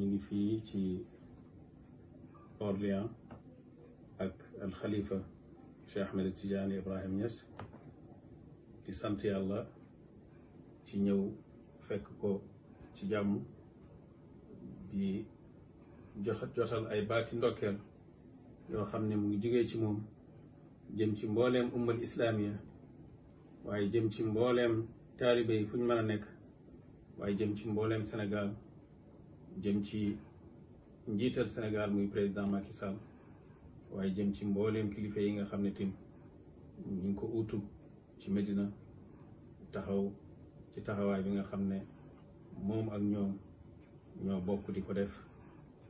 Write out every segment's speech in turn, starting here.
ñu ngi fii ci Orléans ak alxalifa Cheikh Ahmed Tidiane Ibrahim Niass di sant yàlla ci ñëw fekk ko ci jàmm di jox jotal ay baati ndokkeel yoo xam ne mu ngi jógee ci moom jëm ci mbooleem ummal islaamiya waaye jëm ci mbooleem taalibe yi fu ñu mën a nekk waaye jëm ci mbooleem Sénégal jëm ci njiital Sénégal muy président Macky Sall waaye jëm ci mbooleem kilifa yi nga xam ne tim ñu ngi ko utu ci médina taxaw ci taxawaay bi nga xam ne moom ak ñoom ñoo bokk di ko def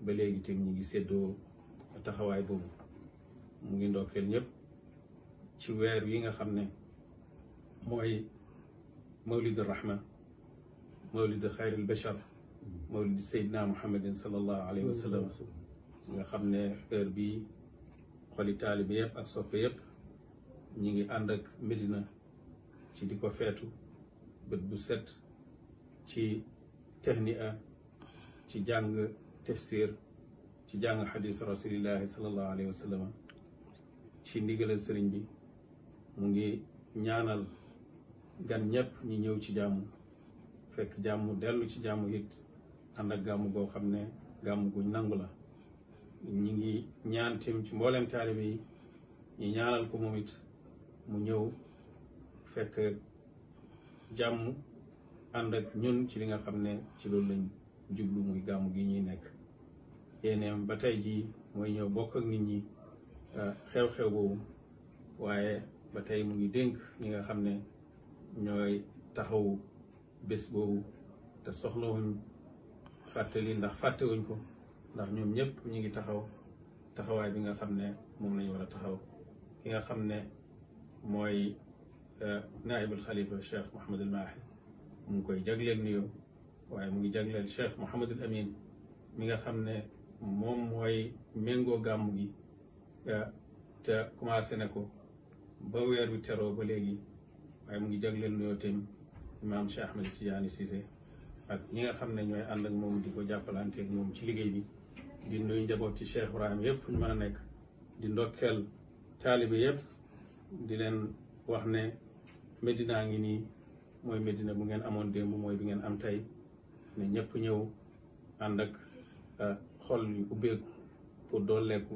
ba léegi tim ñu ngi séddoo taxawaay boobu mu ngi ndokkeel ñëpp ci weer yi nga xam ne mooy mawlid rahma mawlid xayril bashar mawlid seydina muhammadin sallallahu alayhi wa nga xam ne heure bi xoli taalibe yëpp ak soppe yëpp ñi ngi ànd ak Medina ci di ko feetu bët bu set ci tehnia ci jàng tefsir ci jàng xadis rasulillahi sallallahu alayhi ci ndigalal sëriñ bi mu ngi ñaanal gan ñëpp ñi ñëw ci jàmm fekk jàmm dellu ci jàmm it ànd ak gàmm goo xam ne gàmm guñ nangu la ñi ngi ñaan ci mbooleem taalibe yi ñu ñaanal ko moom mu ñëw fekk jàmm ànd ak ñun ci li nga xam ne ci loolu lañ jublu muy gàmm gi ñuy nekk yéeneem ba tey jii mooy ñëw bokk ak nit ñi euh, xew-xew boobu waaye ba tey mu ngi dénk ñi nga xam ne ñooy taxaw bés boobu te soxlawuñ fàttali ndax fàttewuñ ko ndax ñoom ñëpp ñu ngi taxaw taxawaay bi nga xam ne moom lañu war taxaw ki nga xam ne mooy euh, naaibul xalifa cheikh Mouhamadul Mahi mu ngi koy jagleel nuyoo waaye mu ngi jagleel cheikh Mouhamadul Amin mi nga xam ne moom mooy méngoo gàmmu gi euh, te commencé na ko ba weer wi tero ba léegi waaye mu ngi jagleel nuyoo tamit imaam Cheikh Ahmed Tidiane Cissé ak ñi nga xam ne ñooy ànd ak moom di ko jàppalanteeg moom ci liggéey bi di nuyu njaboot ci Cheikh Ibrahim yëpp fu ñu mën a nekk di ndokkeel taalibe yëpp di leen wax ne Medina ngi nii mooy Medina bu ngeen amoon démb mooy bi ngeen am tey ne ñëpp ñëw ànd ak euh, xol yu ubbeeku pour dooleeku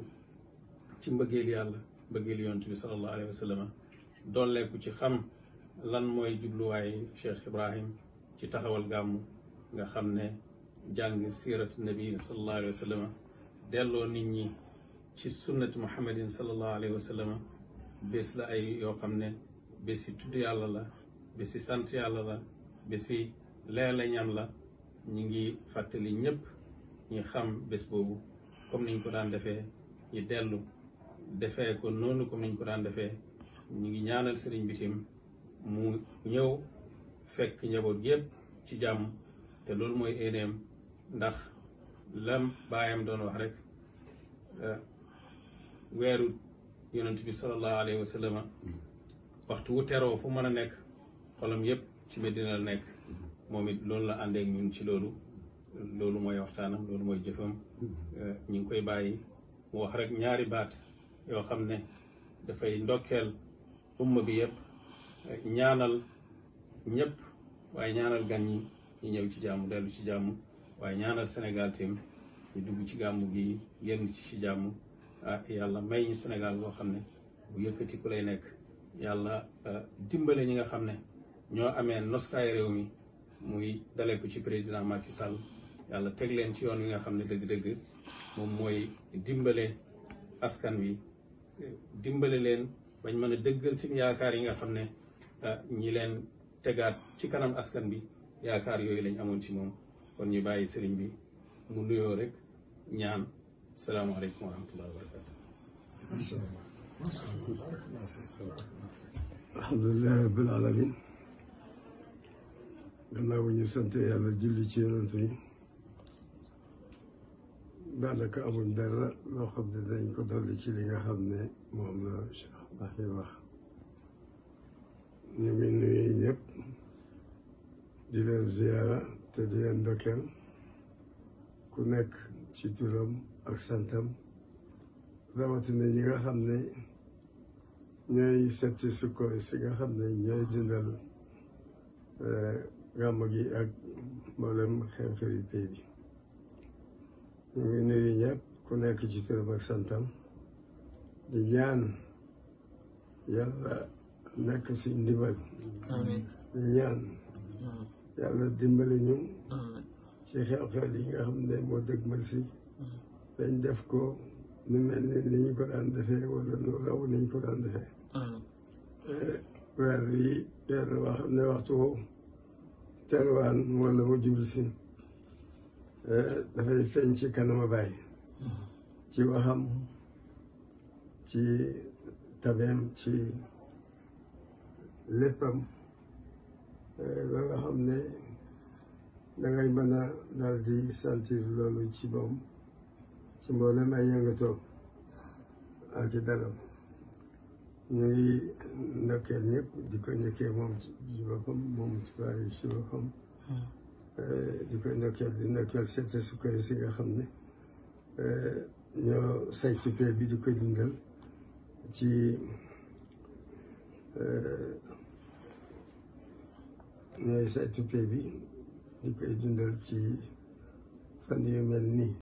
ci mbëggeel yàlla mbëggeel yonent bi sallallahu alayhi wa sallam dooleeku ci xam lan mooy jubluwaay Cheikh Ibrahim ci taxawal gàmmu nga xam ne jàng siiratu nabi sallallahu alayhi wa sallam delloo nit ñi ci sunnati muhammadin sallallahu alayhi wa sallam bés la ay yoo xam ne bési tudd yàlla la bési sant yàlla la bési leela ñam la ñi ngi fàttali ñëpp ñi xam bés boobu comme niñ ko daan defee ñi dellu defee ko noonu comme niñ ko daan defee ñi ngi ñaanal sëriñ bitim mu ñëw fekk njaboot yépp ci jàmm te loolu mooy éeneem ndax lam baayam doon wax rek euh, weeru yonent bi sallallahu alayhi waxtu wu teroo fu mën a nekk xolam yépp ci Medina nekk moom it loolu la àndeek ñun ci loolu loolu mooy waxtaanam loolu mooy jëfam euh, ñu koy bàyyi mu wax rek ñaari baat yoo xam ne dafay ndokkeel umma bi yépp ñaanal ñépp waaye ñaanal gan ñi ñu ñëw ci jàmm dellu ci jàmm waaye ñaanal Sénégal tim ñu dugg ci gàmm gi génn ci ci jàmm ah yàlla may ñu Sénégal boo xam ne bu yëkkati ku lay nekk yàlla ah, dimbale ñi nga xam ne ñoo amee noskaay réew mi muy dale ko ci président Macky Sall yàlla teg leen ci yoon wi nga xam ne dëgg-dëgg moom mooy dimbale askan wi dimbale leen bañ mën a dëggal ci yaakaar yi nga xam ne ah, ñi leen tegaat ci kanam askan bi yaakaar yooyu lañ amoon ci moom kon ñu bàyyi sëriñ bi mu nuyoo rek ñaan salaamaaleykum wa rahmatullahi wa barakatu alhamdulilahi rabbil alamin gannaaw bu ñu sante ci yonent bi daanaka amul dara xam ne dañ ko dolli ci li nga xam ne moom la Cheikh Mahi di leen ziyaara te di leen ku nekk ci turam ak santam rawatina ñi nga xam ne ñooy setti sukkor si nga xam ne ñooy dundal eh, gàmm gi ak mboolem xew-xew yi pay bi ñu ngi ku nekk ci turam ak santam di ñaan yàlla nekk suñ ndimbal di ñaan yàlla dimbali ñun ci xew-xew yi nga xam ne moo dëgg ma si dañ def ko nu mel ni ni ñu ko daan defee wala nu raw ni ñu ko daan defee eh, weer yi weer wax ne waxtu terwaan wala mu si eh, dafay feeñ ci kanama bàyyi ci waxam ci tabeem ci léppam Eh, ba nga xam ne dangay mën a na di sentir loolu ci moom ci mboolem ay yëngatoom ak i dalam ñu ngi ndokkeel ñëpp di ko njëkkee moom ci boppam moom ci bàyyi ci boppam eh, seete su si nga xam ne eh, ñoo saytu pee bi di ko dundal ci ñooy saytu pay bi ñu koy dundal ci fan yu mel nii